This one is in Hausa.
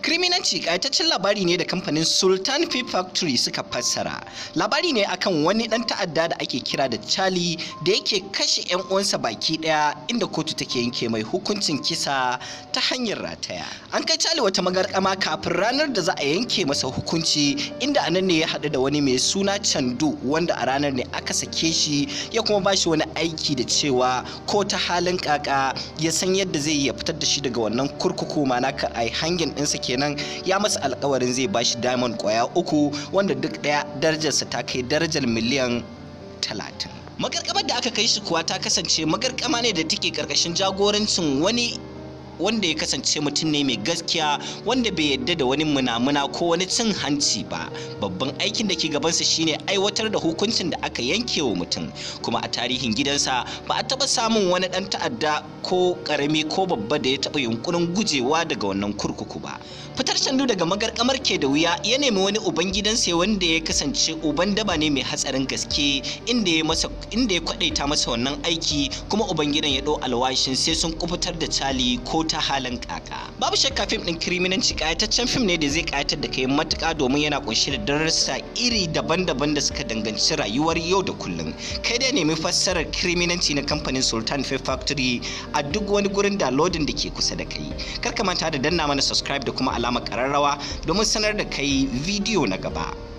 Kriminanci ƙayataccen labari ne da kamfanin Sultan Fee Factory suka fassara. Labari ne akan wani ɗan ta'adda da ake kira da Charlie da yake kashe 'yan uwansa baki ɗaya inda kotu take yanke mai hukuncin kisa ta hanyar rataya. An kai Charlie wata magarkama kafin ranar da za a yanke masa hukunci inda anan ne ya haɗu da wani mai suna Chandu wanda a ranar ne aka sake shi ya kuma bashi wani aiki da cewa ko ta halin kaka ya san yadda zai iya fitar da shi daga wannan kurkuku ma na ka ai hangin ɗinsa ke kenan ya masa alkawarin zai bashi diamond kwaya uku wanda duk daya darajarsa ta kai darajar miliyan talatin magarkamar da aka kai shi kuwa ta kasance magarkama ne da take karkashin jagorancin wani wanda ya kasance mutum ne mai gaskiya wanda bai yadda da wani munamuna ko wani cin hanci ba babban aikin da ke gabansa shine aiwatar da hukuncin da aka yanke wa mutum kuma a tarihin gidansa ba a taba samun wani dan ta'adda ko karami ko babba da ya taba yunkurin gujewa daga wannan kurkuku ba fitar sandu daga magarkamar ke da wuya ya nemi wani uban gidansa wanda ya kasance uban daba ne mai hatsarin gaske inda ya masa inda ya kwadaita masa wannan aiki kuma uban gidan ya dau alwashin sai sun kubutar da cali ko ta halin kaka babu shakka fim din kiriminanci kayataccen fim ne da zai kayatar da kai matuka domin yana kunshi da darussa iri daban-daban da suka danganci rayuwar yau da kullum kai dai nemi fassarar kiriminanci na kamfanin Sultan Fair Factory a duk wani gurin downloading da ke kusa da kai kar ka manta da danna mana subscribe da kuma alama kararrawa domin sanar da kai bidiyo na gaba.